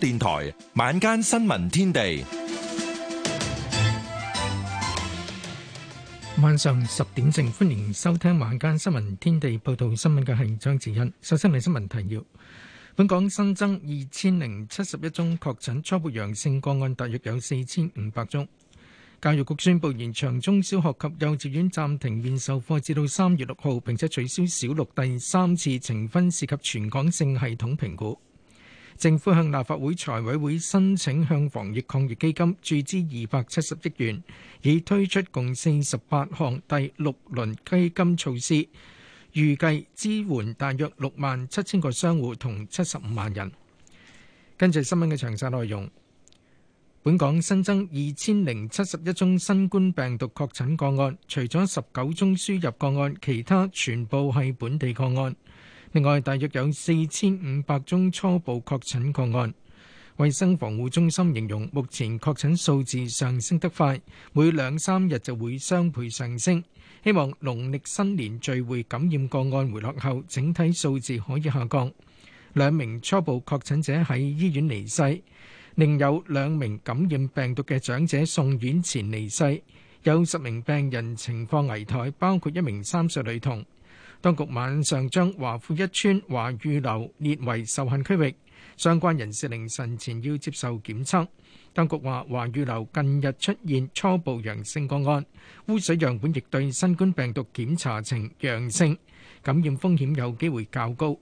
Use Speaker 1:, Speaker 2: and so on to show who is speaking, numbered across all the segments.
Speaker 1: 電台晚間新聞天地，
Speaker 2: 晚上十點正，歡迎收聽晚間新聞天地報道新聞嘅係張志欣。首先係新聞提要：本港新增二千零七十一宗確診初步陽性個案，大約有四千五百宗。教育局宣布延長中小學及幼稚園暫停面授課，至到三月六號，並且取消小六第三次呈分涉及全港性系統評估。政府向立法會財委會申請向防疫抗疫基金注資二百七十億元，已推出共四十八項第六輪基金措施，預計支援大約六萬七千個商戶同七十五萬人。跟住新聞嘅詳細內容，本港新增二千零七十一宗新冠病毒確診個案，除咗十九宗輸入個案，其他全部係本地個案。另外，大約有4,500宗初步確診個案。衛生防護中心形容，目前確診數字上升得快，每兩三日就會雙倍上升。希望農曆新年聚會感染個案回落後，整體數字可以下降。兩名初步確診者喺醫院離世，另有兩名感染病毒嘅長者送院前離世，有十名病人情況危殆，包括一名三歲女童。當局晚上將華富一村華裕樓列為受限區域，相關人士凌晨前要接受檢測。當局話華裕樓近日出現初步陽性個案，污水樣本亦對新冠病毒檢查呈陽性，感染風險有機會較高。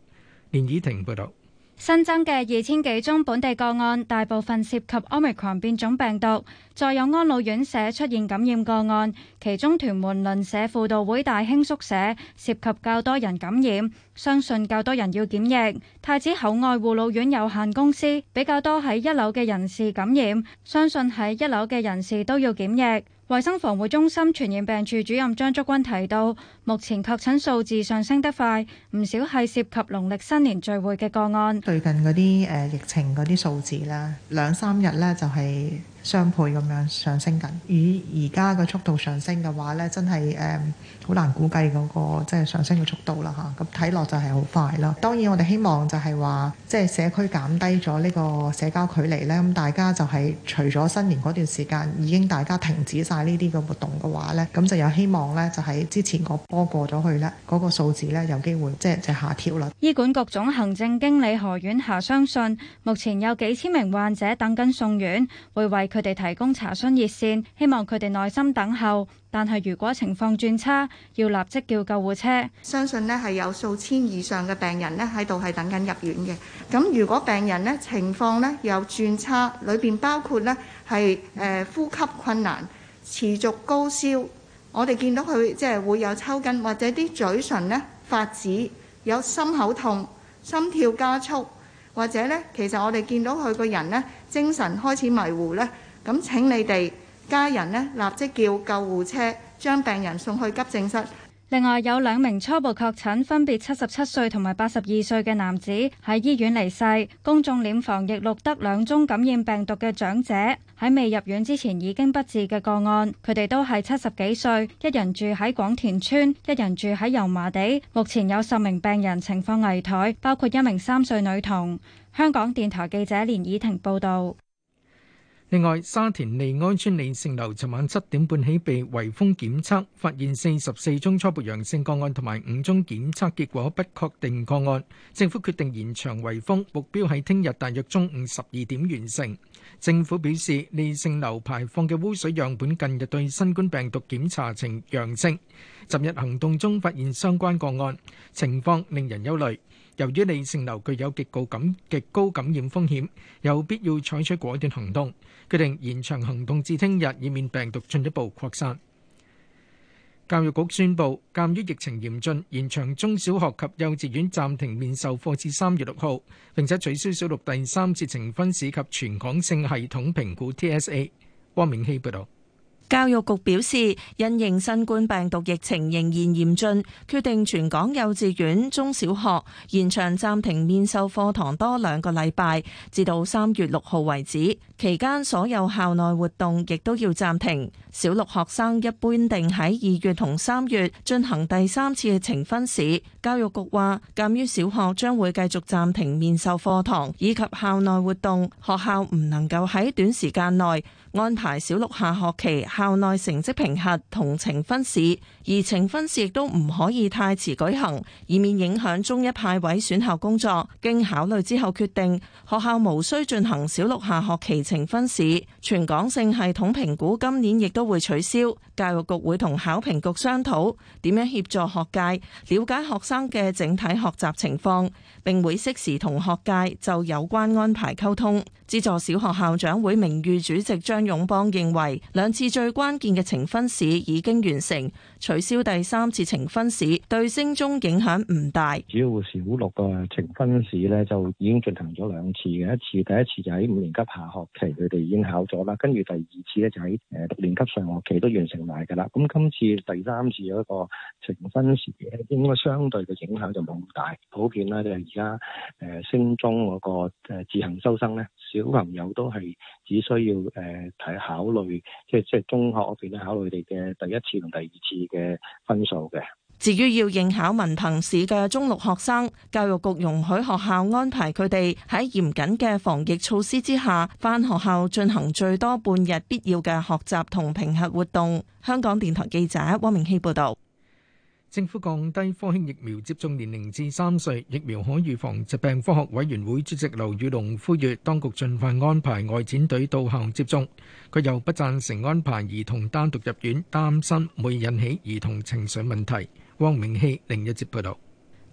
Speaker 2: 連怡婷報導。
Speaker 3: 新增嘅二千幾宗本地個案，大部分涉及奧密克戎變種病毒，再有安老院舍出現感染個案，其中屯門鄰舍輔導會大興宿舍涉及較多人感染，相信較多人要檢疫。太子口岸護老院有限公司比較多喺一樓嘅人士感染，相信喺一樓嘅人士都要檢疫。衛生防護中心傳染病處主任張竹君提到，目前確診數字上升得快，唔少係涉及農曆新年聚會嘅個案。最
Speaker 4: 近嗰啲誒疫情嗰啲數字啦，兩三
Speaker 5: 日咧就係、是。雙倍咁樣上升緊，以而家嘅速度上升嘅話呢，真係誒好難估計嗰個即係上升嘅速度啦嚇。咁睇落就係好快啦。當然我哋希望就係話，即係社區減低咗呢個社交距離呢。咁大家就係除咗新年嗰段時間已經大家停止晒呢啲嘅活動嘅話呢，咁就有希望呢，就喺之前個波過咗去呢嗰個數字呢，有機會即係就下調啦。
Speaker 3: 醫管局總行政經理何婉霞相信，目前有幾千名患者等緊送院，會為佢哋提供查詢熱線，希望佢哋耐心等候。但係如果情況轉差，要立即叫救護車。相信呢係有數千以上嘅病
Speaker 4: 人呢喺度係等緊入院嘅。咁如果病人呢情況呢有轉差，裏邊包括呢係誒呼吸困難、持續高燒。我哋見到佢即係會有抽筋，或者啲嘴唇呢發紫，有心口痛、心跳加速，或者呢，其實我哋見到佢個人呢，精神
Speaker 3: 開始迷糊呢。咁請你哋家人呢，立即叫救護車將病人送去急症室。另外有兩名初步確診，分別七十七歲同埋八十二歲嘅男子喺醫院離世。公眾殮房亦錄得兩宗感染病毒嘅長者喺未入院之前已經不治嘅個案，佢哋都係七十幾歲，一人住喺廣田村，一人住喺油麻地。目前有十名病人情況危殆，包括一名三歲女童。香港電台記者連以婷報道。
Speaker 2: 另外，沙田利安邨利勝樓尋晚七點半起被圍封檢測，發現四十四宗初步陽性個案同埋五宗檢測結果不確定個案。政府決定延長圍封，目標喺聽日大約中午十二點完成。政府表示，利勝樓排放嘅污水樣本近日對新冠病毒檢查呈陽性，尋日行動中發現相關個案，情況令人憂慮。由於李姓樓具有極高感極高感染風險，有必要採取果斷行動，決定延長行動至聽日，以免病毒進一步擴散。教育局宣布，鑑於疫情嚴峻，延長中小學及幼稚園暫停面授課至三月六號，並且取消小六第三次呈分試及全港性系統評估 TSA。汪明熙報導。
Speaker 6: 教育局表示，因應新冠病毒疫情仍然嚴峻，決定全港幼稚園中小學延長暫停面授課堂多兩個禮拜，至到三月六號為止。期間所有校內活動亦都要暫停。小六學生一般定喺二月同三月進行第三次嘅呈分試。教育局話鑒於小學將會繼續暫停面授課堂以及校內活動，學校唔能夠喺短時間內。安排小六下學期校內成績評核同呈分試，而呈分試亦都唔可以太遲舉行，以免影響中一派位選校工作。經考慮之後決定學校無需進行小六下學期呈分試，全港性系統評估今年亦都會取消，教育局會同考評局商討點樣協助學界了解學生嘅整體學習情況，並會適時同學界就有關安排溝通。資助小學校長會名譽主席張勇邦認為，兩次最關鍵嘅呈分試已經完成，取消第三次呈分試對升中影響唔大。
Speaker 1: 主要小六嘅呈分試呢，就已經進行咗兩次嘅，一次第一次就喺五年級下學期，佢哋已經考咗啦，跟住第二次呢，就喺誒六年級上學期都完成埋㗎啦。咁今次第三次嗰個呈分試咧，應該相對嘅影響就冇咁大。普遍啦，就係而家誒升中嗰個自行收生呢。小朋友都係只需要誒，睇考慮，即係即係中學嗰邊考慮佢哋嘅第一次同第二
Speaker 7: 次嘅分數嘅。
Speaker 6: 至於要應考文憑試嘅中六學生，教育局容許學校安排佢哋喺嚴謹嘅防疫措施之下返學校進行最多半日必要嘅學習同評核活動。香港電台記者汪明熙報導。
Speaker 2: 政府降低科興疫苗接種年齡至三歲，疫苗可預防疾病科學委員會主席劉宇龍呼籲當局盡快安排外展隊到校接種。佢又不贊成安排兒童單獨入院，擔心會引起兒童情緒問題。汪明熙另一節報道。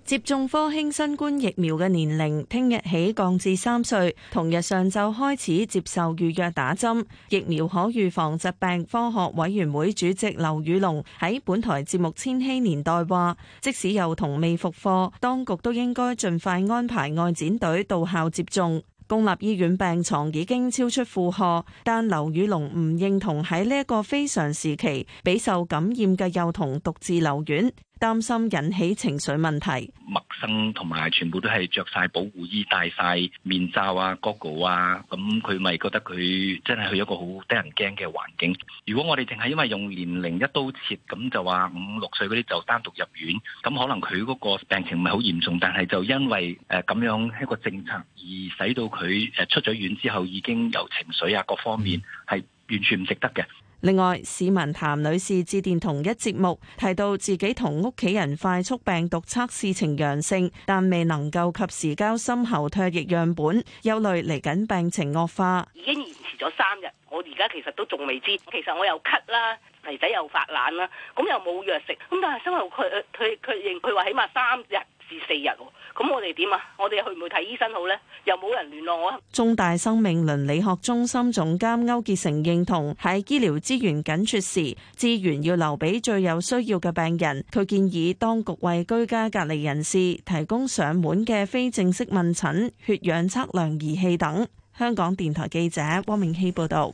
Speaker 6: 接種科興新冠疫苗嘅年齡聽日起降至三歲，同日上晝開始接受預約打針。疫苗可預防疾病科學委員會主席劉宇龍喺本台節目《千禧年代》話，即使幼童未復課，當局都應該盡快安排外展隊到校接種。公立醫院病床已經超出負荷，但劉宇龍唔認同喺呢一個非常時期，俾受感染嘅幼童獨自留院。擔心引起情緒問題，
Speaker 1: 陌生同埋全部都係着晒保護衣、戴晒面罩啊、goggle 啊，咁佢咪覺得佢真係去一個好得人驚嘅環境。如果我哋淨係因為用年齡一刀切，咁就話五六歲嗰啲就單獨入院，咁可能佢嗰個病情唔係好嚴重，但係就因為誒咁樣一個政策而使到佢誒出咗院之後已經有情緒啊，各方面係完全唔值得嘅。
Speaker 6: 另外，市民譚女士致電同一節目，提到自己同屋企人快速病毒測試呈陽性，但未能夠及時交深喉唾液樣本，憂慮嚟緊病情惡化。
Speaker 8: 已經延遲咗三日，我而家其實都仲未知。其實我又咳啦，肥仔又發冷啦，咁又冇藥食，咁但係因為佢佢佢認佢話起碼三日至四日喎。咁我哋點啊？我哋去唔去睇醫生好呢？又冇人聯絡
Speaker 6: 我。中大生命倫理學中心總監區結成認同，喺醫療資源緊缺時，資源要留俾最有需要嘅病人。佢建議當局為居家隔離人士提供上門嘅非正式問診、血氧測量儀器等。香港電台記者汪明熙報導。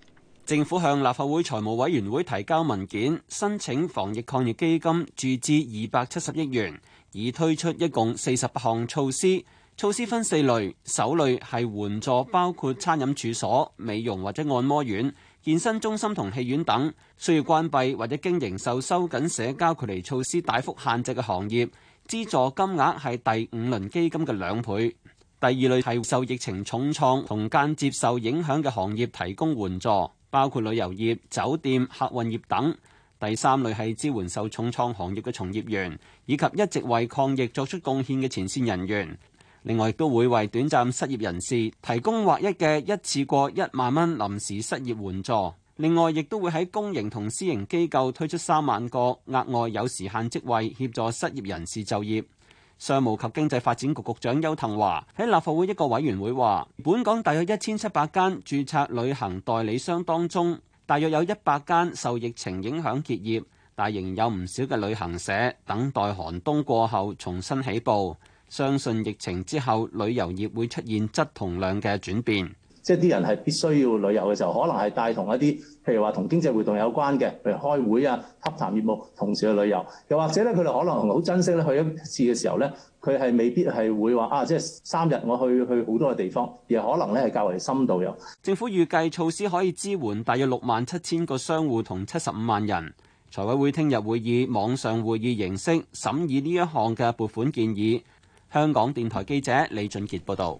Speaker 9: 政府向立法會財務委員會提交文件，申請防疫抗疫基金注資二百七十億元，已推出一共四十八項措施。措施分四類，首類係援助，包括餐飲處所、美容或者按摩院、健身中心同戲院等需要關閉或者經營受收緊社交距離措施大幅限制嘅行業，資助金額係第五輪基金嘅兩倍。第二類係受疫情重創同間接受影響嘅行業提供援助。包括旅遊業、酒店、客運業等。第三類係支援受重創行業嘅從業員，以及一直為抗疫作出貢獻嘅前線人員。另外亦都會為短暫失業人士提供劃一嘅一次過一萬蚊臨時失業援助。另外亦都會喺公營同私營機構推出三萬個額外有時限職位，協助失業人士就業。商務及經濟發展局局長邱騰華喺立法會一個委員會話，本港大約一千七百間注冊旅行代理商當中，大約有一百間受疫情影響結業，但仍有唔少嘅旅行社等待寒冬過後重新起步。相信疫情之後，旅遊業會出現質同量嘅轉變。
Speaker 10: 即係啲人係必須要旅遊嘅時候，可能係帶同一啲，譬如話同經濟活動有關嘅，譬如開會啊、洽談業務，同時去旅遊。又或者咧，佢哋可能好珍惜咧去一次嘅時候咧，佢係未必係會話啊！即係三日，我去去好多嘅地方，而可能咧係較為深度遊。
Speaker 9: 政府預計措施可以支援大約六萬七千個商戶同七十五萬人。財委會聽日會以網上會議形式審議呢一項嘅撥款建議。香港電台記者李俊傑報道。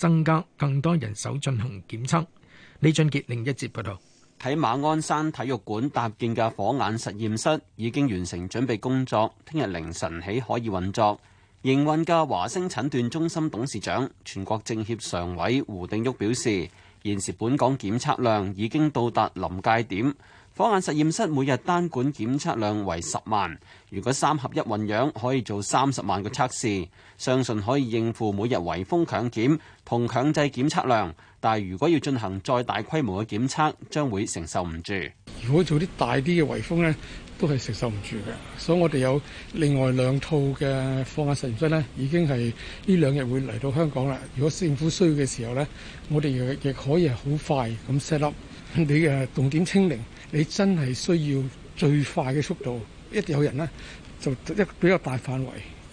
Speaker 2: 增加更多人手進行檢測。李俊傑另一節報道，
Speaker 9: 喺馬鞍山體育館搭建嘅火眼實驗室已經完成準備工作，聽日凌晨起可以運作。營運嘅華星診斷中心董事長、全國政協常委胡定旭表示，現時本港檢測量已經到達臨界點。火眼實驗室每日單管檢測量為十萬，如果三合一混樣可以做三十萬個測試，相信可以應付每日圍封強檢同強制檢測量。但係如果要進行再大規模嘅檢測，將會承受唔住。
Speaker 2: 如果做啲大啲嘅圍封呢，都係承受唔住嘅。所以我哋有另外兩套嘅火眼實驗室呢，已經係呢兩日會嚟到香港啦。如果政府需要嘅時候呢，我哋亦可以係好快咁 set up 你嘅動態清零。你真係需要最快嘅速度，一有人呢，就一比較大範圍，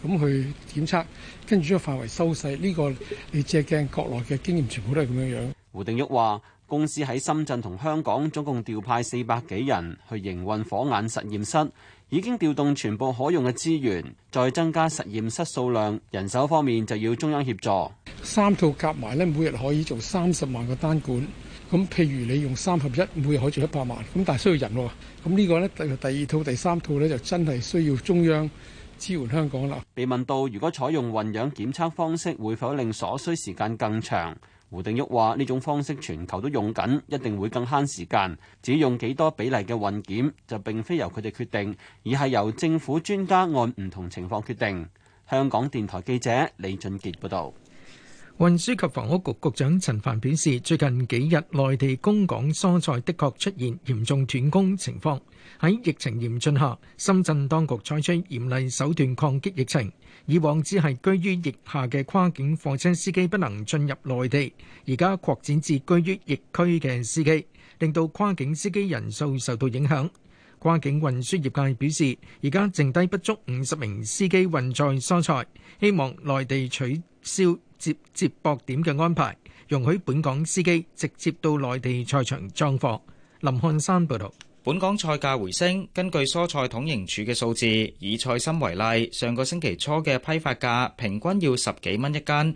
Speaker 2: 咁去檢測，跟住個範圍收細呢，呢個你借鏡國
Speaker 11: 內嘅經驗全部都係咁樣樣。
Speaker 9: 胡定旭話公司喺深圳同香港總共調派四百幾人去營運火眼實驗室，已經調動全部可用嘅資源，再增加實驗室數量。人手方面就要中央協助。
Speaker 1: 三套夾埋呢，每日可以做三十萬個單管。咁譬如你用三合一每日可做一百萬，咁但係需要人喎。咁呢個呢，第二套、第三套呢，就真係需要中央支援香港啦。
Speaker 9: 被問到如果採用混樣檢測方式，會否令所需時間更長？胡定旭話：呢種方式全球都用緊，一定會更慳時間。只用幾多比例嘅混檢，就並非由佢哋決定，而係由政府專家按唔同情況決定。香港電台記者李俊傑報導。
Speaker 2: 運輸及房屋局局長陳帆表示，最近幾日內地供港蔬菜的確出現嚴重斷供情況。喺疫情嚴峻下，深圳當局採取嚴厲手段抗擊疫情。以往只係居於疫下嘅跨境貨車司機不能進入內地，而家擴展至居於疫區嘅司機，令到跨境司機人數受到影響。跨境運輸業界表示，而家剩低不足五十名司機運載蔬菜，希望內地取消接接駁點嘅安排，容許本港司機直接到內地菜場裝貨。林漢山
Speaker 7: 報道，本港菜價回升。根據蔬菜統營處嘅數字，以菜心為例，上個星期初嘅批發價平均要十幾蚊一斤。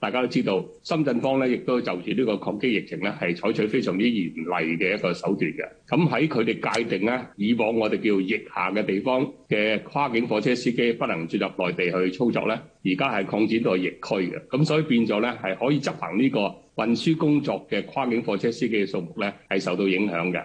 Speaker 10: 大家都知道，深圳方咧亦都就住呢個抗擊疫情咧，係採取非常之嚴厲嘅一個手段嘅。咁喺佢哋界定咧，以往我哋叫疫廈嘅地方嘅跨境貨車司機不能進入內地去操作咧，而家係擴展到疫區嘅。咁所以變咗咧，係可以執行呢個運輸工作嘅跨境貨車司機嘅數目咧，係受到影響嘅。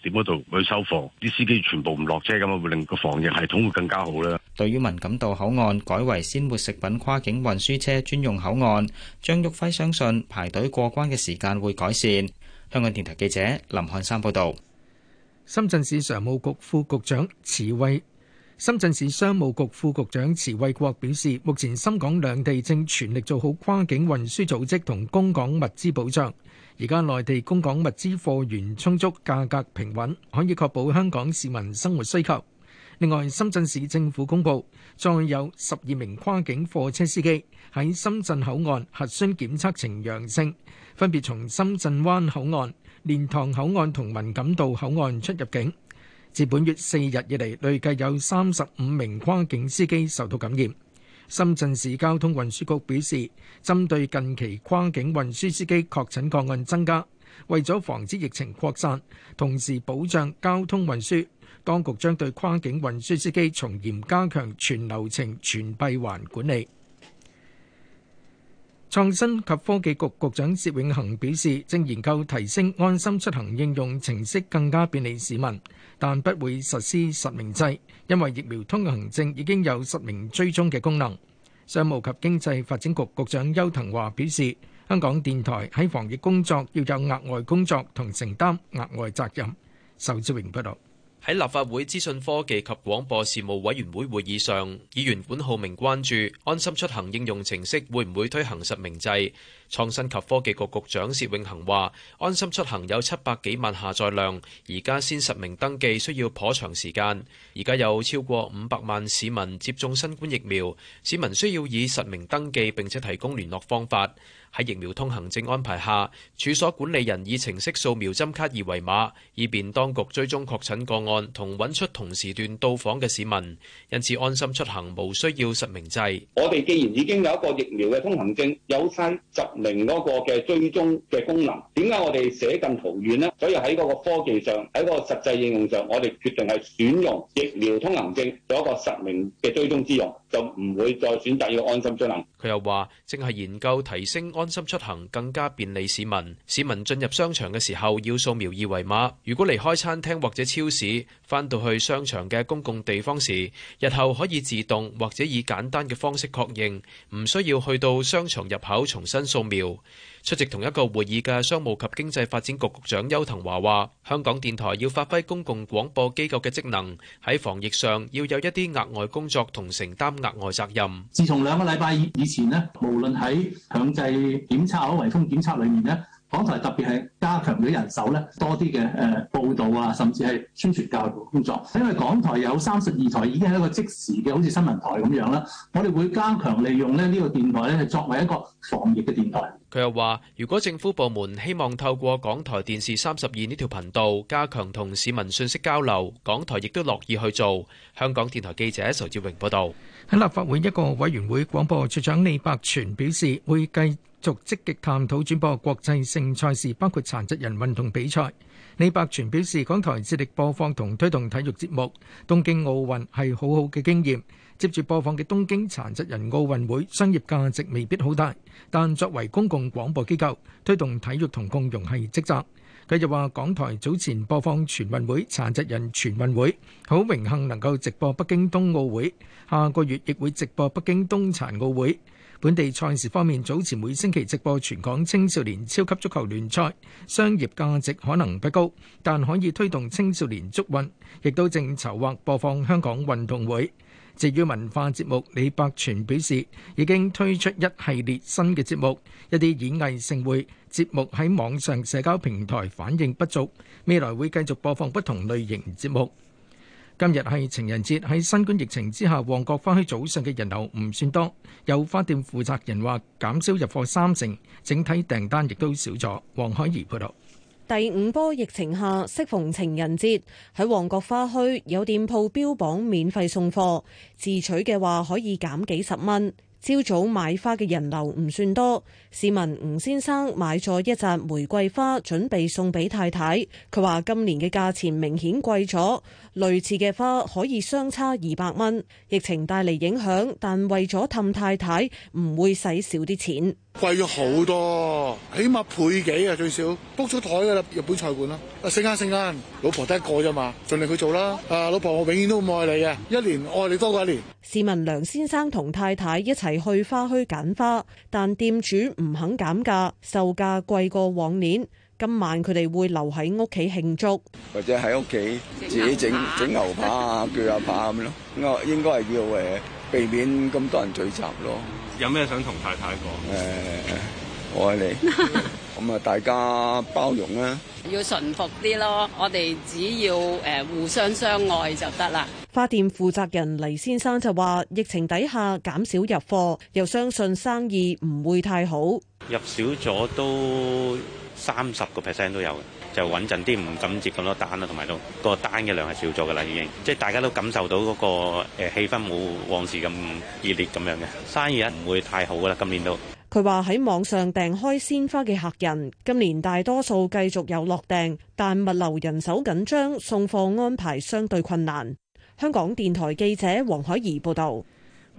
Speaker 1: 點嗰度去收貨？啲司機全部唔落車咁啊，會令個防疫系統會更加好啦。
Speaker 7: 對於文錦渡口岸改為鮮活食品跨境運輸車專用口岸，張玉輝相信排隊過關嘅時間會改善。香港電台記者林漢山報道。
Speaker 2: 深圳市常務局副局長遲衛，深圳市商務局副局長遲衛國表示，目前深港兩地正全力做好跨境運輸組織同供港物資保障。而家內地供港物資貨源充足，價格平穩，可以確保香港市民生活需求。另外，深圳市政府公布，再有十二名跨境貨車司機喺深圳口岸核酸檢測呈陽性，分別從深圳灣口岸、蓮塘口岸同文錦渡口岸出入境。自本月四日以嚟，累計有三十五名跨境司機受到感染。深圳市交通運輸局表示，針對近期跨境運輸司機確診個案增加，為咗防止疫情擴散，同時保障交通運輸，當局將對跨境運輸司機從嚴加強全流程全閉環管理。創新及科技局局局長薛永恒表示，正研究提升安心出行應用程式更加便利市民。但不會實施實名制，因為疫苗通行證已經有實名追蹤嘅功能。商務及經濟發展局局長邱騰華表示，香港電台喺防疫工作要有額外工作同承擔額外責任。仇志榮報
Speaker 12: 導。喺立法會資訊科技及廣播事務委員會會議上，議員管浩明關注安心出行應用程式會唔會推行實名制。創新及科技局局長薛永恆話：安心出行有七百幾萬下載量，而家先實名登記需要頗長時間。而家有超過五百萬市民接種新冠疫苗，市民需要以實名登記並且提供聯絡方法。喺疫苗通行證安排下，處所管理人以程式掃描針卡二維碼，以便當局追蹤確診個案同揾出同時段到訪嘅市民。因此安心出行無需要實名制。
Speaker 1: 我哋既然已經有一個疫苗嘅通行證，有曬集零嗰個嘅追蹤嘅功能，點解我哋捨近圖遠呢？所以喺嗰個科技上，喺個實際應用上，我哋決定係選用疫苗通行證做一個實名嘅追蹤之用，就唔會再選擇要安心出行。
Speaker 12: 佢又話：正係研究提升安心出行更加便利市民。市民進入商場嘅時候要掃描二維碼。如果離開餐廳或者超市，翻到去商場嘅公共地方時，日後可以自動或者以簡單嘅方式確認，唔需要去到商場入口重新掃描。出席同一個會議嘅商務及經濟發展局局長邱騰華話：香港電台要發揮公共廣播機構嘅職能，喺防疫上要有一啲額外工作同承擔額外責任。
Speaker 10: 自從兩個禮拜以以以前呢，無論喺強制檢測或圍封檢測裏面呢，港台特別係加強咗人手呢多啲嘅，誒報道啊，甚至係宣傳教育工作。因為港台有三十二台已經係一個即時嘅，好似新聞台咁樣啦，我哋會加強利用呢呢個電台咧，作為一個防疫嘅電台。
Speaker 12: 佢又話，如果政府部門希望透過港台電視三十二呢條頻道加強同市民信息交流，港台亦都樂意去做。香港電台記者仇志榮報道。
Speaker 2: 喺立法會一個委員會廣播處長李百全表示，會繼續積極探討轉播國際性賽事，包括殘疾人運動比賽。李百全表示，港台致力播放同推動體育節目，東京奧運係好好嘅經驗。接住播放嘅東京殘疾人奧運會，商業價值未必好大，但作為公共廣播機構，推動體育同共融係職責。佢就話：港台早前播放全運會殘疾人全運會，好榮幸能夠直播北京冬奧會，下個月亦會直播北京冬殘奧會。本地賽事方面，早前每星期直播全港青少年超級足球聯賽，商業價值可能不高，但可以推動青少年足運，亦都正籌劃播放香港運動會。至於文化節目，李伯全表示已經推出一系列新嘅節目，一啲演藝盛會節目喺網上社交平台反應不足，未來會繼續播放不同類型節目。今日係情人節，喺新冠疫情之下，旺角花墟早上嘅人流唔算多，有花店負責人話減少入貨三成，整體訂單亦都少咗。黃海怡報道。
Speaker 8: 第五波疫情下，適逢情人節，喺旺角花墟有店鋪標榜免費送貨，自取嘅話可以減幾十蚊。朝早買花嘅人流唔算多，市民吳先生買咗一扎玫瑰花，準備送俾太太。佢話今年嘅價錢明顯貴咗，類似嘅花可以相差二百蚊。疫情帶嚟影響，但為咗氹太太，唔會使少啲錢。
Speaker 10: 貴咗好多，起碼倍幾啊，最少 book 咗枱㗎喇，日本菜館啦，啊，成間成間，老婆得一個咋嘛，盡力去做啦，啊，老婆我永遠都愛你呀，一年愛你多過一年。市民梁先生
Speaker 8: 同太太一齊去花墟揀花，但店主唔肯減價，售價貴過往年。今晚佢哋會留喺屋企慶祝，
Speaker 1: 或者喺屋企自己整整牛扒啊，鋸啊扒咁咯。應該應該係要誒避免咁多人聚集咯。有咩想同太太講？呃，我愛你
Speaker 13: 咁啊， 大家包容啊，要順服啲咯。我哋只要誒互相相愛就得啦。
Speaker 8: 花店負責人黎先生就話：疫情底下減少入貨，又相信生意唔會太好。
Speaker 10: 入少咗都。三十個 percent 都有，就穩陣啲，唔敢接咁多單啦。同埋都個單嘅量係少咗㗎喇，已經即係大家都感受到嗰、那個誒、呃、氣氛冇往時咁熱烈，咁樣嘅生意，唔會太好㗎喇。今年都，
Speaker 8: 佢話喺網上訂開鮮花嘅客人今年大多數繼續有落訂，但物流人手緊張，送貨安排相對困難。香港電台記者黃海怡報導。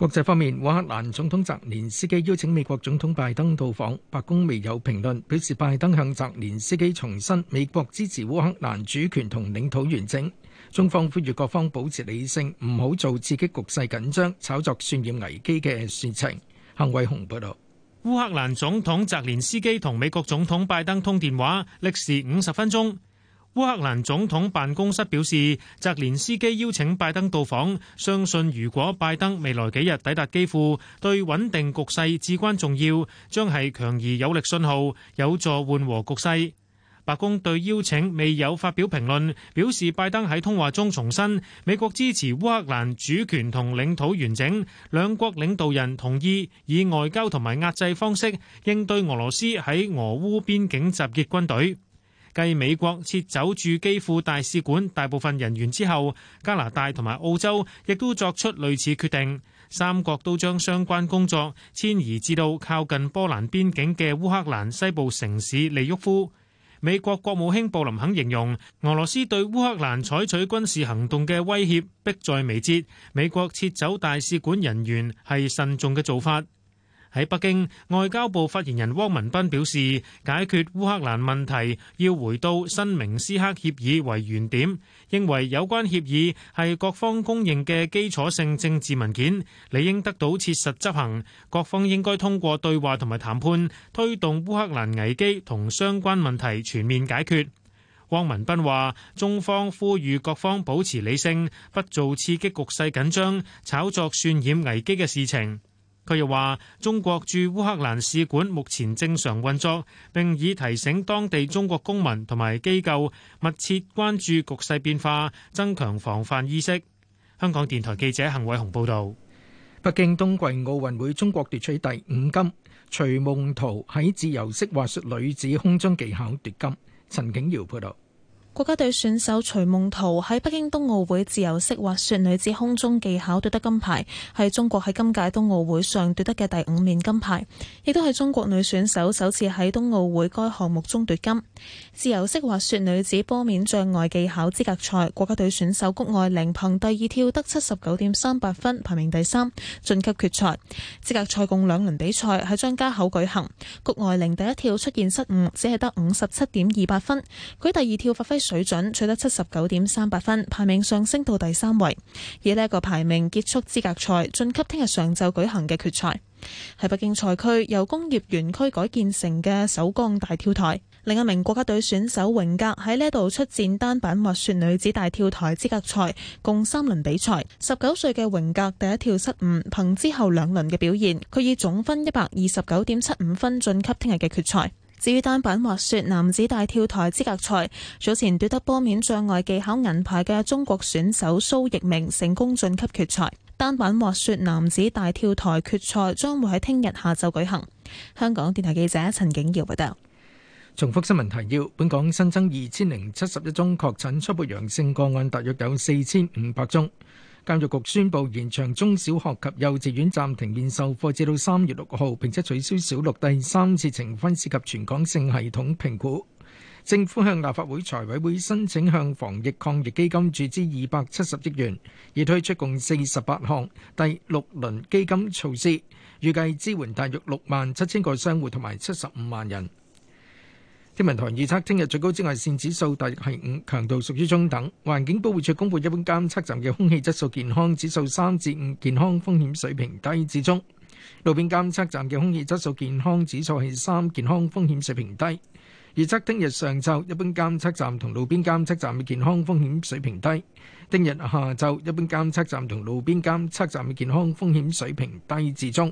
Speaker 2: 國際方面，烏克蘭總統澤連斯基邀請美國總統拜登到訪，白宮未有評論，表示拜登向澤連斯基重申美國支持烏克蘭主權同領土完整。中方呼籲各方保持理性，唔好做刺激局勢緊張、炒作渲染危機嘅事情。邢偉雄報道，
Speaker 10: 烏克蘭總統澤連斯基同美國總統拜登通電話，歷時五十分鐘。烏克蘭總統辦公室表示，澤連斯基邀請拜登到訪，相信如果拜登未來幾日抵達基輔，對穩定局勢至關重要，將係強而有力信號，有助緩和局勢。白宮對邀請未有發表評論，表示拜登喺通話中重申美國支持烏克蘭主權同領土完整，兩國領導人同意以外交同埋壓制方式應對俄羅斯喺俄烏邊境集結軍隊。繼美國撤走駐基輔大使館大部分人員之後，加拿大同埋澳洲亦都作出類似決定。三國都將相關工作遷移至到靠近波蘭邊境嘅烏克蘭西部城市利沃夫。美國國務卿布林肯形容，俄羅斯對烏克蘭採取軍事行動嘅威脅迫在眉睫。美國撤走大使館人員係慎重嘅做法。喺北京，外交部發言人汪文斌表示，解決烏克蘭問題要回到《新明斯克協議》為原點，認為有關協議係各方公認嘅基礎性政治文件，理應得到切實執行。各方應該通過對話同埋談判，推動烏克蘭危機同相關問題全面解決。汪文斌話：中方呼籲各方保持理性，不做刺激局勢緊張、炒作渲染危機嘅事情。佢又話：中國駐烏克蘭使館目前正常運作，並已提醒當地中國公民同埋機構密切關注局勢變化，增強防範意識。香港電台記者陳偉雄報道。
Speaker 2: 北京冬季奧運會中國奪取第五金，徐夢桃喺自由式滑雪女子空中技巧奪金。陳景耀報道。
Speaker 4: 國家隊選手徐夢桃喺北京冬奧會自由式滑雪女子空中技巧奪得金牌，係中國喺今屆冬奧會上奪得嘅第五面金牌，亦都係中國女選手首次喺冬奧會該項目中奪金。自由式滑雪女子坡面障礙技巧資格賽，國家隊選手谷愛凌憑第二跳得七十九點三八分，排名第三晉級決賽。資格賽共兩輪比賽喺張家口舉行，谷愛凌第一跳出現失誤，只係得五十七點二八分，佢第二跳發揮水準取得七十九點三八分，排名上升到第三位，以呢一個排名結束資格賽，晉級聽日上晝舉行嘅決賽。喺北京賽區由工業園區改建成嘅首鋼大跳台，另一名國家隊選手榮格喺呢度出戰單板滑雪女子大跳台資格賽，共三輪比賽。十九歲嘅榮格第一跳失誤，憑之後兩輪嘅表現，佢以總分一百二十九點七五分晉級聽日嘅決賽。至於單板滑雪男子大跳台資格賽，早前奪得坡面障礙技巧銀牌嘅中國選手蘇奕明成功晉級決賽。單板滑雪男子大跳台決賽將會喺聽日下晝舉行。香港電台記者陳景耀報道。
Speaker 2: 重複新聞提要：本港新增二千零七十一宗確診初步陽性個案，大約有四千五百宗。教育局宣佈延長中小學及幼稚園暫停面授課，至到三月六號，並且取消小六第三次呈分涉及全港性系統評估。政府向立法會財委會申請向防疫抗疫基金注資二百七十億元，已推出共四十八項第六輪基金措施，預計支援大約六萬七千個商戶同埋七十五萬人。天文台預測，聽日最高紫外線指數大約係五，強度屬於中等。環境保護署公布一般監測站嘅空氣質素健康指數三至五，健康風險水平低至中。路邊監測站嘅空氣質素健康指數係三，健康風險水平低。預測聽日上晝一般監測站同路邊監測站嘅健康風險水平低。聽日下晝一般監測站同路邊監測站嘅健康風險水平低至中。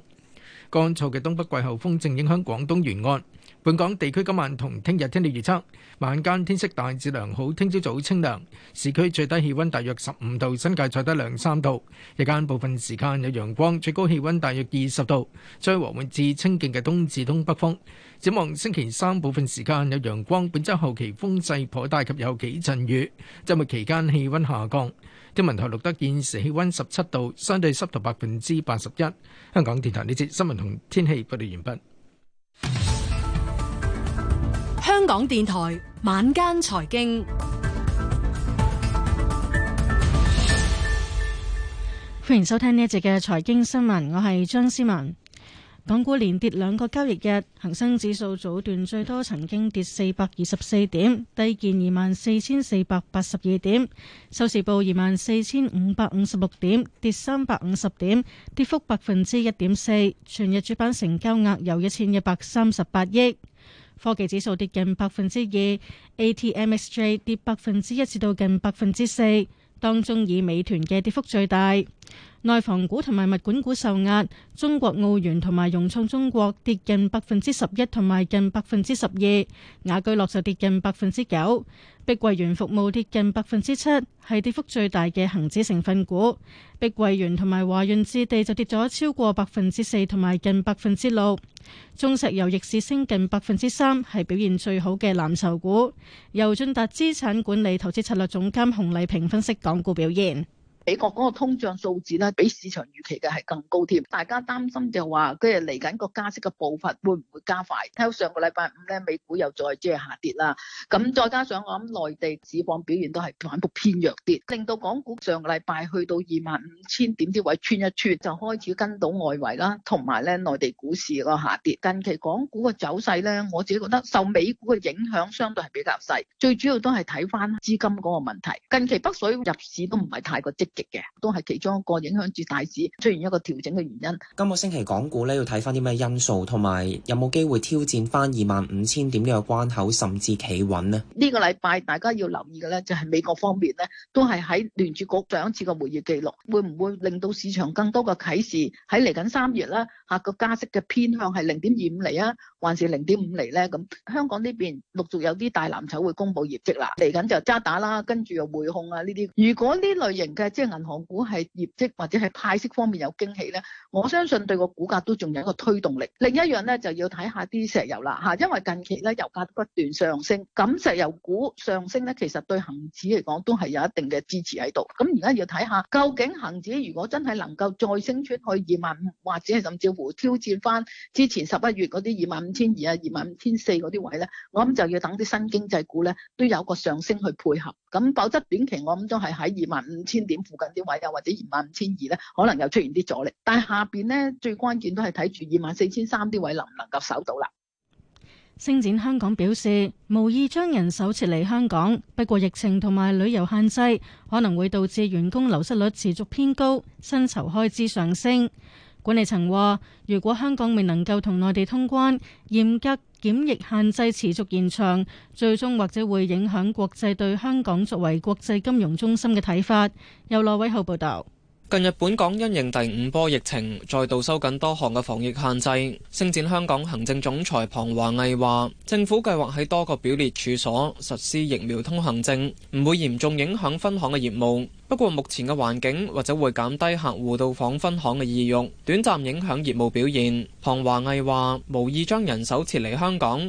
Speaker 2: 乾燥嘅東北季候風正影響廣東沿岸。本港地區今晚同聽日天氣預測：晚間天色大致良好，聽朝早清涼，市區最低氣溫大約十五度，新界再低兩三度。日間部分時間有陽光，最高氣溫大約二十度，將和緩至清勁嘅東至東北風。展望星期三部分時間有陽光，本周後期風勢頗大及有幾陣雨。周末期間氣溫下降。天文台錄得現時氣溫十七度，相對濕度百分之八十一。香港電台呢節新聞同天氣報道完畢。
Speaker 14: 香港電台晚間財經，歡迎收聽呢一節嘅財經新聞。我係張思文。港股連跌兩個交易日，恒生指數早段最多曾經跌四百二十四點，低見二萬四千四百八十二點，收市報二萬四千五百五十六點，跌三百五十點，跌幅百分之一點四。全日主板成交額有一千一百三十八億。科技指數跌近百分之二，A T M X J 跌百分之一至到近百分之四，當中以美團嘅跌幅最大。內房股同埋物管股受壓，中國奧園同埋融創中國跌近百分之十一同埋近百分之十二，雅居樂就跌近百分之九，碧桂園服務跌近百分之七，係跌幅最大嘅恒指成分股。碧桂園同埋華潤置地就跌咗超過百分之四同埋近百分之六，中石油逆市升近百分之三，係表現最好嘅藍籌股。由俊達資產管理投資策略總監洪麗萍分析
Speaker 13: 港股表現。美國嗰個通脹數字咧，比市場預期嘅係更高添，大家擔心就話，跟住嚟緊個加息嘅步伐會唔會加快？睇到上個禮拜五咧，美股又再即係下跌啦，咁再加上我諗內地市況表現都係反覆偏弱啲，令到港股上個禮拜去到二萬五千點之位穿一穿，就開始跟到外圍啦，同埋咧內地股市個下跌。近期港股嘅走勢咧，我自己覺得受美股嘅影響相對係比較細，最主要都係睇翻資金嗰個問題。近期北水入市都唔係太過積極，嘅都係其中一個影響住大市出現一個調整嘅原因。今個星
Speaker 5: 期港股咧要睇翻啲咩因素，同埋有冇機會挑戰翻二萬五千點呢個關口，甚至企穩呢？
Speaker 13: 呢個禮拜大家要留意嘅咧，就係美國方面咧，都係喺聯儲局再一次嘅會議記錄，會唔會令到市場更多嘅啟示喺嚟緊三月咧？下個加息嘅偏向係零點二五厘啊，還是零點五厘咧？咁香港呢邊陸續有啲大藍籌會公布業績啦，嚟緊就渣打啦，跟住又匯控啊呢啲。如果呢類型嘅。即係銀行股係業績或者係派息方面有驚喜咧，我相信對個股價都仲有一個推動力。另一樣咧，就要睇下啲石油啦，吓，因為近期咧油價不斷上升，咁石油股上升咧，其實對恒指嚟講都係有一定嘅支持喺度。咁而家要睇下究竟恒指如果真係能夠再升穿去二萬五，或者係甚至乎挑戰翻之前十一月嗰啲二萬五千二啊、二萬五千四嗰啲位咧，我諗就要等啲新經濟股咧都有個上升去配合。咁否則短期我諗都係喺二萬五千點附近啲位啊，或者二萬五千二咧，可能又出現啲阻力。但係下邊咧，最關鍵都係睇住二萬四千三啲位能唔能夠守到啦。
Speaker 14: 星展香港表示，無意將人手撤離香港，不過疫情同埋旅遊限制可能會導致員工流失率持續偏高，薪酬開支上升。管理層話，如果香港未能夠同內地通關，嚴格檢疫限制持續延長，最終或者會影響國際對香港作為國際金融中心嘅睇法。由羅偉浩報道。
Speaker 5: 近日本港因應第五波疫情，再度收緊多項嘅防疫限制。星展香港行政總裁龐華毅話，政府計劃喺多個表列處所實施疫苗通行證，唔會嚴重影響分行嘅業務。不過目前嘅環境或者會減低客戶到訪分行嘅意欲，短暫影響業務表現。龐華毅話，無意將人手撤離香港。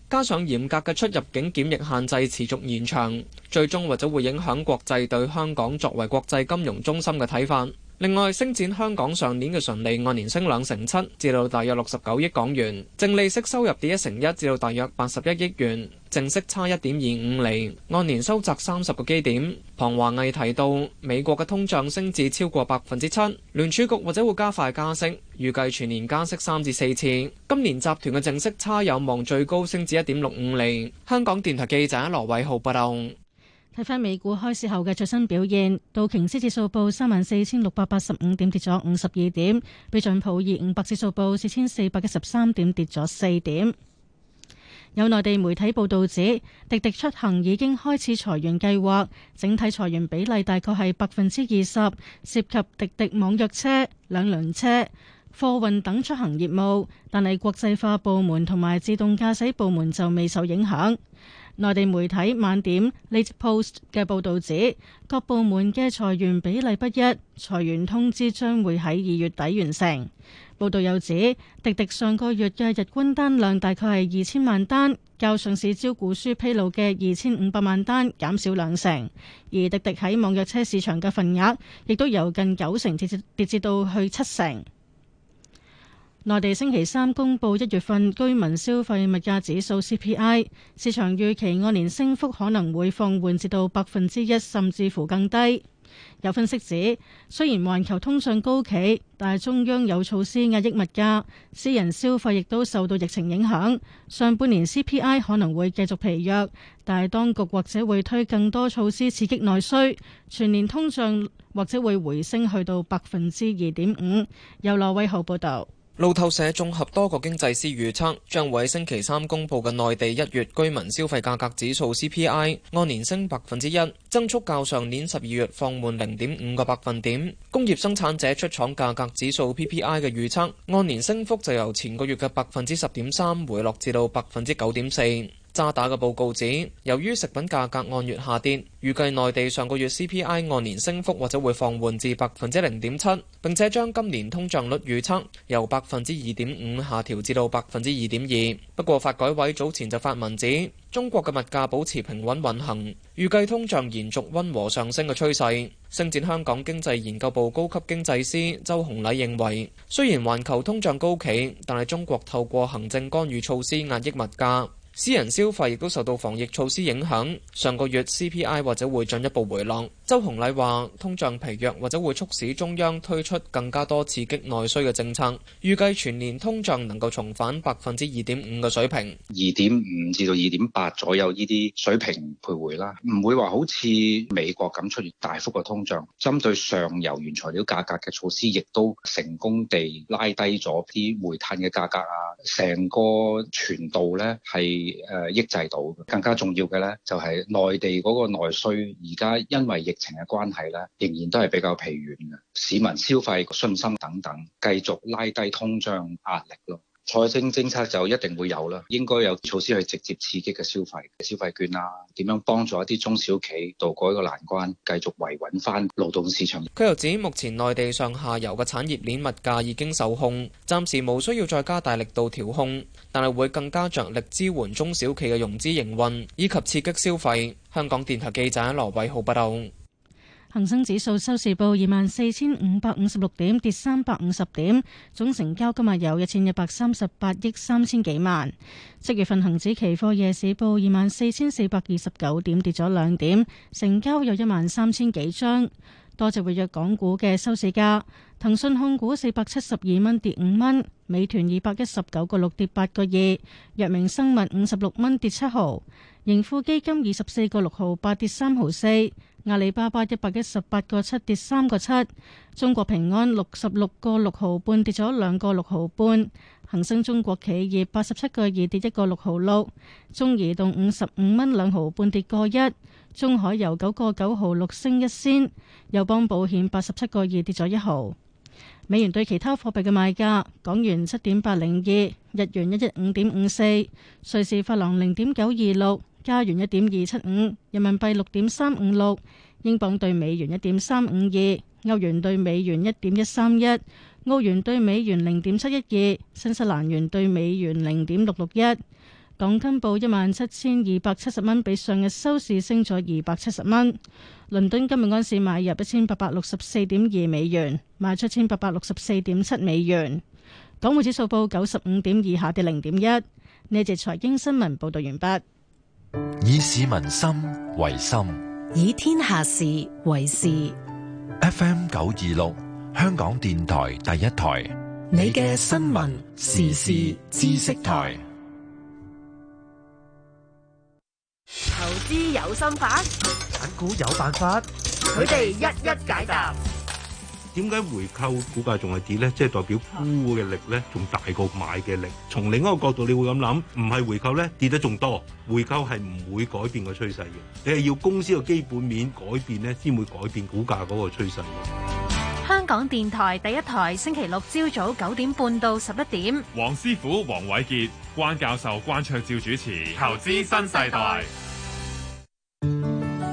Speaker 5: 加上嚴格嘅出入境檢疫限制持續延長，最終或者會影響國際對香港作為國際金融中心嘅睇法。另外，星展香港上年嘅純利按年升兩成七，至到大約六十九億港元；淨利息收入跌一成一，至到大約八十一億元；淨息差一點二五厘，按年收窄三十個基點。龐華毅提到，美國嘅通脹升至超過百分之七，聯儲局或者會加快加息，預計全年加息三至四次。今年集團嘅淨息差有望最高升至一點六五厘。香港電台記者羅偉浩報道。
Speaker 14: 睇翻美股開市後嘅最新表現，道瓊斯指數報三萬四千六百八十五點，跌咗五十二點；標準普爾五百指數報四千四百一十三點，跌咗四點。有內地媒體報道指，滴滴出行已經開始裁員計劃，整體裁員比例大概係百分之二十，涉及滴滴網約車、兩輪車、貨運等出行業務，但係國際化部門同埋自動駕駛部門就未受影響。內地媒體晚點 （Late Post） 嘅報道指，各部門嘅裁員比例不一，裁員通知將會喺二月底完成。報道又指，滴滴上個月嘅日均單量大概係二千萬單，較上市招股書披露嘅二千五百萬單減少兩成。而滴滴喺網約車市場嘅份額亦都由近九成跌跌至到去七成。內地星期三公布一月份居民消費物價指數 CPI，市場預期按年升幅可能會放緩至到百分之一，甚至乎更低。有分析指，雖然環球通脹高企，但係中央有措施壓抑物價，私人消費亦都受到疫情影響。上半年 CPI 可能會繼續疲弱，但係當局或者會推更多措施刺激內需，全年通脹或者會回升去到百分之二點五。有羅威浩報道。路
Speaker 5: 透社綜合多個經濟師預測，將會喺星期三公布嘅內地一月居民消費價格指數 CPI 按年升百分之一，增速較上年十二月放緩零點五個百分點。工業生產者出廠價格指數 PPI 嘅預測按年升幅就由前個月嘅百分之十點三回落至到百分之九點四。渣打嘅報告指，由於食品價格按月下跌，預計內地上個月 CPI 按年升幅或者會放緩至百分之零點七。並且將今年通脹率預測由百分之二點五下調至到百分之二點二。不過，發改委早前就發文指，中國嘅物價保持平穩運行，預計通脹延續溫和上升嘅趨勢。星展香港經濟研究部高級經濟師周紅禮認為，雖然環球通脹高企，但係中國透過行政干預措施壓抑物價。私人消費亦都受到防疫措施影響，上個月 CPI 或者會進一步回落。周洪麗話：通脹疲弱或者會促使中央推出更加多刺激內需嘅政策。預計全年通脹能夠重返百分之二點五嘅水平，
Speaker 7: 二點五至到二點八左右呢啲水平徘徊啦，唔會話好似美國咁出現大幅嘅通脹。針對上游原材料價格嘅措施，亦都成功地拉低咗啲煤炭嘅價格啊！成個全度咧係誒抑制到嘅。更加重要嘅咧就係內地嗰個內需，而家因為疫情嘅關係咧，仍然都係比較疲軟嘅市民消費信心等等，繼續拉低通脹壓力咯。財政政策就一定會有啦，應該有措施去直接刺激嘅消費消費券啊，點樣幫助一啲中小企渡過一個難關，繼續維穩翻勞動市場。
Speaker 5: 佢又指目前內地上下游嘅產業鏈物價已經受控，暫時無需要再加大力度調控，但係會更加着力支援中小企嘅融資營運以及刺激消費。香港電台記者羅偉浩報道。
Speaker 14: 恒生指數收市報二萬四千五百五十六點，跌三百五十點。總成交今日有一千一百三十八億三千幾萬。七月份恒指期貨夜市報二萬四千四百二十九點，跌咗兩點，成交有一萬三千幾張。多隻活躍港股嘅收市價：騰訊控股四百七十二蚊，跌五蚊；美團二百一十九個六，跌八個二；藥明生物五十六蚊，跌七毫；盈富基金二十四個六毫八，跌三毫四。阿里巴巴一百一十八個七跌三個七，中國平安六十六個六毫半跌咗兩個六毫半，恒生中國企業八十七個二跌一個六毫六，中移動五十五蚊兩毫半跌個一，中海油九個九毫六升一仙，友邦保險八十七個二跌咗一毫。美元對其他貨幣嘅賣價：港元七點八零二，日元一一五點五四，瑞士法郎零點九二六。加元一點二七五，人民幣六點三五六，英鎊兌美元一點三五二，歐元兌美元一點一三一，歐元兌美元零點七一二，新西蘭元兌美元零點六六一。港金報一萬七千二百七十蚊，比上日收市升咗二百七十蚊。倫敦今日安市買入一千八百六十四點二美元，賣出一千八百六十四點七美元。港匯指數報九十五點二，下跌零點一。呢節財經新聞報道完畢。
Speaker 5: 以市民心為心，
Speaker 14: 以天下事為事。
Speaker 1: F. M. 九二六，香港電台第一台，你嘅新聞
Speaker 10: 時事知識台。
Speaker 13: 投資有心法，
Speaker 10: 眼估有辦法，
Speaker 13: 佢哋一一解答。
Speaker 1: 點解回購股價仲係跌呢？即係代表沽嘅力呢，仲大過買嘅力。從另一個角度，你會咁諗，唔係回購呢，跌得仲多。回購係唔會改變個趨勢嘅。你係要公司個基本面改變呢，先會改變股價嗰個
Speaker 10: 趨勢。
Speaker 4: 香港電台第一台，星期六朝早九點半到十一
Speaker 10: 點。黃師傅、黃偉杰、關教授、關卓照主持《投資新世代》世代。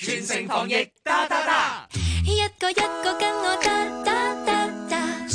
Speaker 3: 全城防疫，打打打，一個一個跟我打。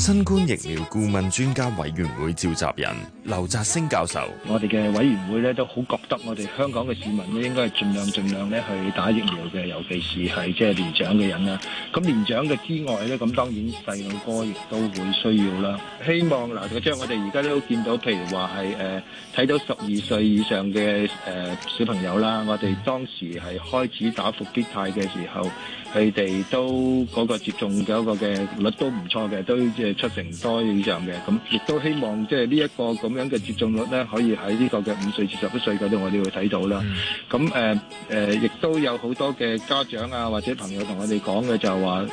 Speaker 10: 新冠疫苗顧問專家委員會召集人劉澤星教授：我哋嘅委員會咧都好覺得，我哋香港嘅市民咧應
Speaker 1: 該係盡量盡量咧去打疫苗嘅，尤其是係即係年長嘅人啦。咁年長嘅之外咧，咁當然細路哥亦都會需要啦。希望嗱，即係、就是、我哋而家都見到，譬如話係誒睇到十二歲以上嘅誒、呃、小朋友啦，我哋當時係開始打復必泰嘅時候。佢哋都嗰個接種嘅一個嘅率都唔錯嘅，都即係七成多以上嘅。咁亦都希望即係呢一個咁樣嘅接種率咧，可以喺呢個嘅五歲至十一歲嗰度我哋會睇到啦。咁誒誒，亦都有好多嘅家長啊或者朋友同我哋講嘅就係話誒，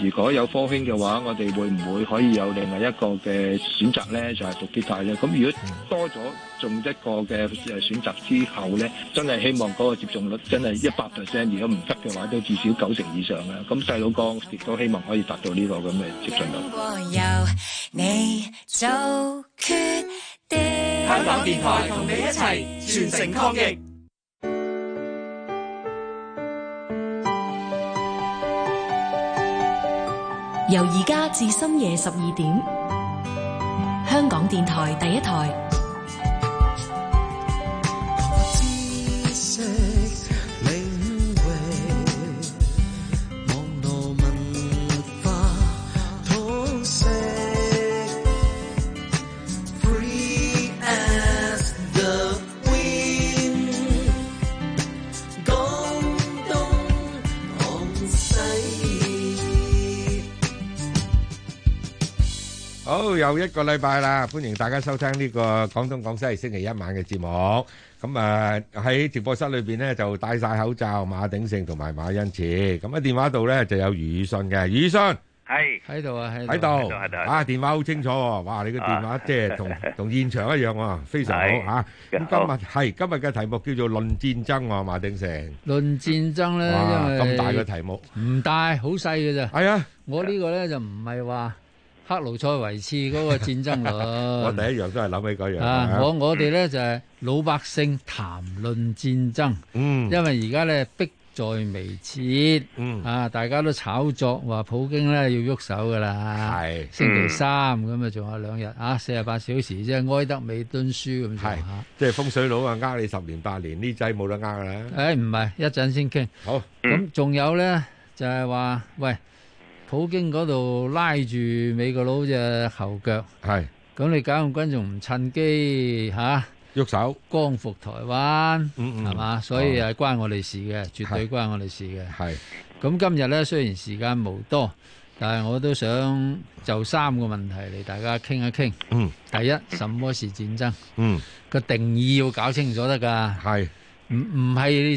Speaker 1: 如果有科興嘅話，我哋會唔會可以有另外一個嘅選擇咧？就係復必泰咧。咁如果多咗仲一個嘅選擇之後咧，真係希望嗰個接種率真係一百 percent。如果唔得嘅話，都至少九成。以上咧，咁細佬哥亦都希望可以達到呢個咁嘅接近度。
Speaker 14: 由你做決定。香港電台同你一齊全城抗疫，由而家至深夜十二點，香港電台
Speaker 8: 第一
Speaker 4: 台。
Speaker 1: 好，又一個禮拜啦，歡迎大家收聽呢個廣東廣西星期一晚嘅節目。咁啊，喺直播室裏邊咧就戴晒口罩，馬鼎盛同埋馬欣慈。咁喺電話度咧就有余宇信嘅，余宇信
Speaker 11: 係喺度啊，喺度，喺度，
Speaker 1: 啊，電話好清楚，哇你個電話即係同同現場一樣啊，非常好啊。咁今日係今日嘅題目叫做論戰爭，馬鼎盛
Speaker 11: 論戰爭咧，因為咁大嘅題目唔大，好細嘅咋？係啊，我呢個咧就唔係話。克勞塞維茨嗰個戰爭我第一樣都
Speaker 1: 係諗起嗰樣啊！我我哋
Speaker 11: 咧就係老百姓談論戰爭，嗯，因為而家咧迫在眉睫，嗯啊，大家都炒作話普京咧要喐手噶啦，係星期三咁啊，仲有兩日啊，四十八小時即係哀得美敦書咁，係即
Speaker 1: 係風水佬啊，呃你十年八年呢劑冇得呃㗎啦，
Speaker 11: 誒唔係一陣先傾，好咁仲有咧就係話喂。普京嗰度拉住美國佬隻後腳，係咁你解放軍仲唔趁機嚇喐手光復台灣，嗯，嗯，係嘛？所以係關我哋事嘅，絕對關我哋事嘅。係咁今日咧，雖然時間無多，但係我都想就三個問題嚟大家傾一傾。嗯，第一，什麼是戰爭？嗯，個定義要搞清楚得㗎。係，唔唔係。